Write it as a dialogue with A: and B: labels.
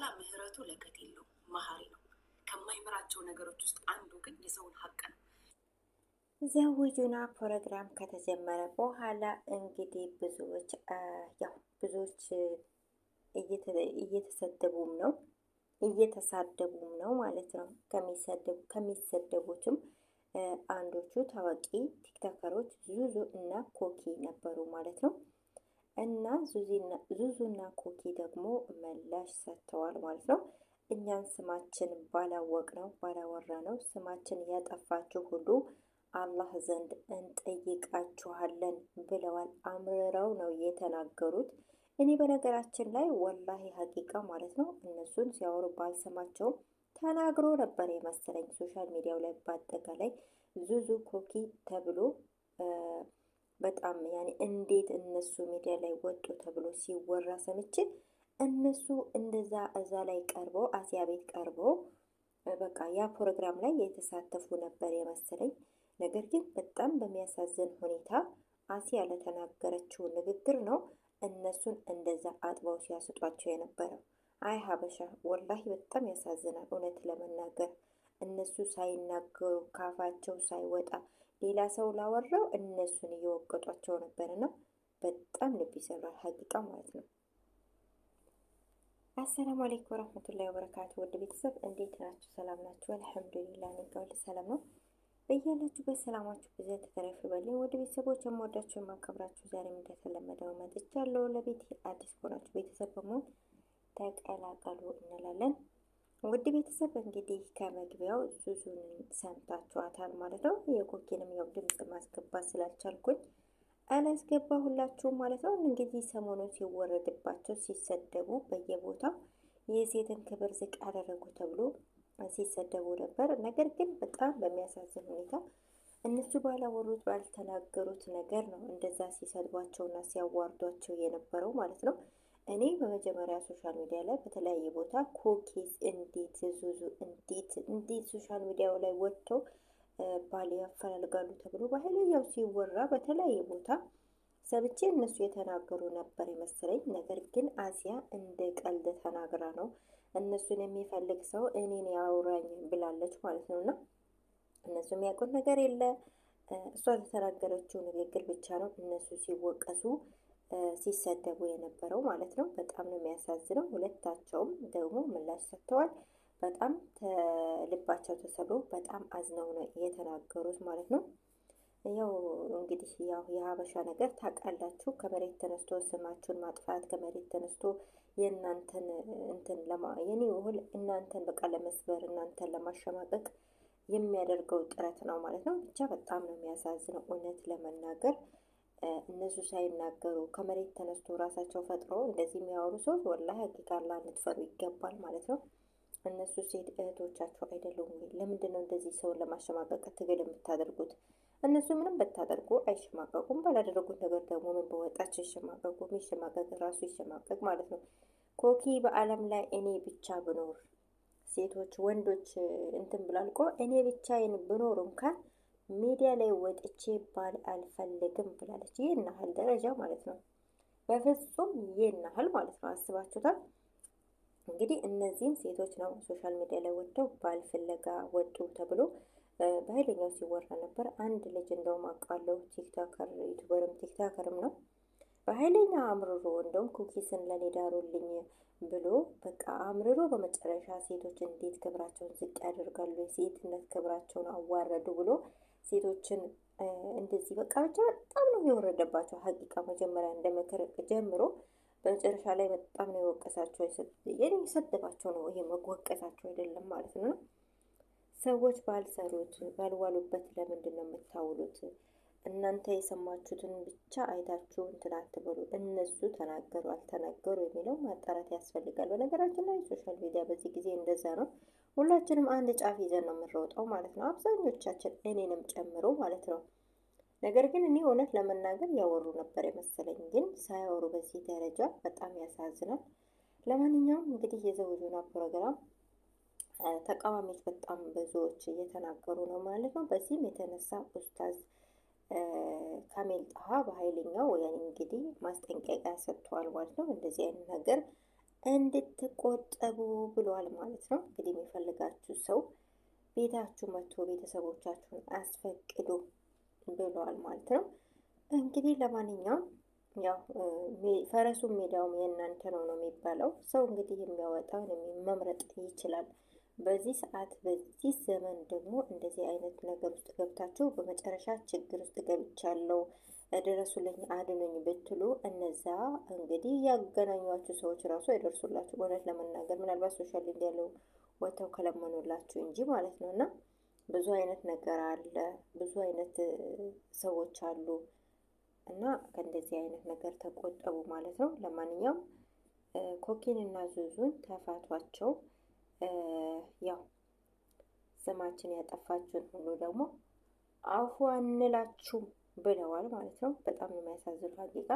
A: በኋላ ምህረቱ ለቀት የለው መሀሪ ነው። ከማይምራቸው ነገሮች ውስጥ አንዱ ግን የሰውን ሀቅ ነው።
B: ዘውጁና ፕሮግራም ከተጀመረ በኋላ እንግዲህ ብዙዎች ያው ብዙዎች እየተሰደቡም ነው እየተሳደቡም ነው ማለት ነው። ከሚሰደቡትም አንዶቹ ታዋቂ ቲክቶከሮች ዙዙ እና ኮኪ ነበሩ ማለት ነው። እና ዙዙና ኮኪ ደግሞ ምላሽ ሰጥተዋል ማለት ነው። እኛን ስማችን ባላወቅ ነው ባላወራ ነው ስማችን ያጠፋችሁ ሁሉ አላህ ዘንድ እንጠይቃችኋለን ብለዋል። አምርረው ነው የተናገሩት። እኔ በነገራችን ላይ ወላሂ ሀቂቃ ማለት ነው እነሱን ሲያወሩ ባልሰማቸውም ተናግሮ ነበር የመሰለኝ ሶሻል ሚዲያው ላይ በአጠቃላይ ዙዙ ኮኪ ተብሎ በጣም ያኔ እንዴት እነሱ ሚዲያ ላይ ወጡ ተብሎ ሲወራ ሰምቼ እነሱ እንደዛ እዛ ላይ ቀርቦ አሲያ ቤት ቀርቦ በቃ ያ ፕሮግራም ላይ የተሳተፉ ነበር የመሰለኝ። ነገር ግን በጣም በሚያሳዝን ሁኔታ አሲያ ለተናገረችው ንግግር ነው እነሱን እንደዛ አጥበው ሲያስጧቸው የነበረው። አይ ሀበሻ ወላሂ በጣም ያሳዝናል እውነት ለመናገር እነሱ ሳይናገሩ ካፋቸው ሳይወጣ ሌላ ሰው ላወራው እነሱን እየወቀጧቸው ነበርና በጣም ልብ ይሰብራል። ሀቂቃ ማለት ነው። አሰላሙ አለይኩም ወረህመቱላሂ ወበረካቱ። ወደ ቤተሰብ እንዴት ናችሁ? ሰላም ናችሁ? አልሐምዱሊላ እኔ ጋር ሰላም ነው። በያላችሁ በሰላማችሁ ብዙ ተተረፍ ይበልኝ። ወደ ቤተሰቦች የምወዳችሁ የማከብራችሁ፣ ዛሬም እንደተለመደው መጥቻለሁ። ለቤት አዲስ ከሆናችሁ ቤተሰብ በመሆን ተቀላቀሉ እንላለን። ውድ ቤተሰብ እንግዲህ ከመግቢያው ዙዙን ሰምታችኋታል ማለት ነው። የኮኬንም ያው ድምፅ ማስገባት ስላልቻልኩኝ አላስገባሁላችሁም ማለት ነው። እንግዲህ ሰሞኑን ሲወረድባቸው ሲሰደቡ በየቦታው የሴትን ክብር ዝቅ አደረጉ ተብሎ ሲሰደቡ ነበር። ነገር ግን በጣም በሚያሳዝን ሁኔታ እነሱ ባላወሩት ባልተናገሩት ነገር ነው እንደዛ ሲሰድቧቸውና ሲያዋርዷቸው የነበረው ማለት ነው። እኔ በመጀመሪያ ሶሻል ሚዲያ ላይ በተለያየ ቦታ ኩኪስ እንዴት ዙዙ እንዴት እንዴት ሶሻል ሚዲያው ላይ ወጥተው ባል ያፈላልጋሉ ተብሎ በኃይለኛው ሲወራ በተለያየ ቦታ ሰብቼ እነሱ የተናገሩ ነበር የመሰለኝ። ነገር ግን አሲያ እንደ ቀልድ ተናግራ ነው እነሱን የሚፈልግ ሰው እኔን ያውራኝ ብላለች ማለት ነው። እና እነሱ የሚያውቁት ነገር የለ እሷ የተናገረችው ንግግር ብቻ ነው እነሱ ሲወቀሱ ሲሰደቡ የነበረው ማለት ነው። በጣም ነው የሚያሳዝነው። ሁለታቸውም ደግሞ ምላሽ ሰጥተዋል። በጣም ልባቸው ተሰብሮ በጣም አዝነው ነው የተናገሩት ማለት ነው። ያው እንግዲህ ያው የሀበሻ ነገር ታውቃላችሁ። ከመሬት ተነስቶ ስማችሁን ማጥፋት ከመሬት ተነስቶ የእናንተን እንትን የኔ ውህል እናንተን በቃ ለመስበር እናንተን ለማሸማቀቅ የሚያደርገው ጥረት ነው ማለት ነው። ብቻ በጣም ነው የሚያሳዝነው እውነት ለመናገር እነሱ ሳይናገሩ ከመሬት ተነስቶ ራሳቸው ፈጥሮ እንደዚህ የሚያወሩ ሰዎች ወላ ህግካላ ልትፈሩ ይገባል ማለት ነው። እነሱ ሴት እህቶቻቸው አይደሉም ወይ? ለምንድን ነው እንደዚህ ሰውን ለማሸማቀቅ ትግል የምታደርጉት? እነሱ ምንም በታደርጉ አይሸማቀቁም። ባላደረጉት ነገር ደግሞ ምን በወጣች ይሸማቀቁ። የሚሸማቀቅ ራሱ ይሸማቀቅ ማለት ነው። ኮኪ በዓለም ላይ እኔ ብቻ ብኖር ሴቶች ወንዶች እንትን ብላልቆ እኔ ብቻዬን ብኖር እንኳን ሚዲያ ላይ ወጥቼ ባል አልፈልግም ብላለች። ይህን ያህል ደረጃ ማለት ነው። በፍጹም ይህን ያህል ማለት ነው። አስባችሁታል። እንግዲህ እነዚህም ሴቶች ነው ሶሻል ሚዲያ ላይ ወጥተው ባል ፍለጋ ወጡ ተብሎ በኃይለኛው ሲወራ ነበር። አንድ ልጅ እንደውም አውቃለሁ ቲክቶከር ዩቱበርም ቲክቶከርም ነው በኃይለኛ አምርሮ እንደውም ኩኪስን ለኔ ዳሩልኝ ብሎ በቃ አምርሮ በመጨረሻ ሴቶች እንዴት ክብራቸውን ዝቅ ያደርጋሉ፣ የሴትነት ክብራቸውን አዋረዱ ብሎ ሴቶችን እንደዚህ በቃ ብቻ በጣም ነው የወረደባቸው። ሀቂቃ መጀመሪያ እንደመከረ ጀምሮ በመጨረሻ ላይ በጣም ነው የወቀሳቸው። የሚሰደባቸው ነው ይሄ መወቀሳቸው አይደለም ማለት ነው። ሰዎች ባልሰሩት ባልዋሉበት ለምንድን ነው የምታውሉት? እናንተ የሰማችሁትን ብቻ አይታችሁ እንትን አትበሉ። እነሱ ተናገሩ አልተናገሩ የሚለው ማጣራት ያስፈልጋል። በነገራችን ላይ ሶሻል ሚዲያ በዚህ ጊዜ እንደዛ ነው። ሁላችንም አንድ ጫፍ ይዘን ነው የምንሮጠው ማለት ነው። አብዛኞቻችን እኔንም ጨምሮ ማለት ነው። ነገር ግን እኔ እውነት ለመናገር ያወሩ ነበር የመሰለኝ፣ ግን ሳያወሩ በዚህ ደረጃ በጣም ያሳዝናል። ለማንኛውም እንግዲህ የዘውጁና ፕሮግራም ተቃዋሚዎች በጣም ብዙዎች እየተናገሩ ነው ማለት ነው። በዚህም የተነሳ ኡስታዝ ካሜል ጣሃ በኃይለኛው እንግዲህ ማስጠንቀቂያ ሰጥተዋል ማለት ነው። እንደዚህ አይነት ነገር እንድትቆጠቡ ብሏል ማለት ነው። እንግዲህ የሚፈልጋችሁ ሰው ቤታችሁ መጥቶ ቤተሰቦቻችሁን አስፈቅዱ ብሏል ማለት ነው። እንግዲህ ለማንኛውም ያው ፈረሱ ሜዳውም የእናንተ ነው ነው የሚባለው። ሰው እንግዲህ የሚያወጣውን መምረጥ ይችላል። በዚህ ሰዓት በዚህ ዘመን ደግሞ እንደዚህ አይነት ነገር ውስጥ ገብታችሁ በመጨረሻ ችግር ውስጥ ገብቻለሁ ድረሱልኝ አድኑኝ ብትሉ እነዛ እንግዲህ ያገናኟችሁ ሰዎች ራሱ አይደርሱላችሁ። እውነት ለመናገር ምናልባት ሶሻል ሚዲያ ላይ ወጥተው ከለመኑላችሁ እንጂ ማለት ነው። እና ብዙ አይነት ነገር አለ፣ ብዙ አይነት ሰዎች አሉ። እና ከእንደዚህ አይነት ነገር ተቆጠቡ ማለት ነው። ለማንኛውም ኮኪን እና ዙዙን ተፋቷቸው። ያው ስማችን ያጠፋችሁን ሁሉ ደግሞ አፉ አንላችሁም። ብለዋል ማለት ነው። በጣም የሚያሳዝን ሀቂቃ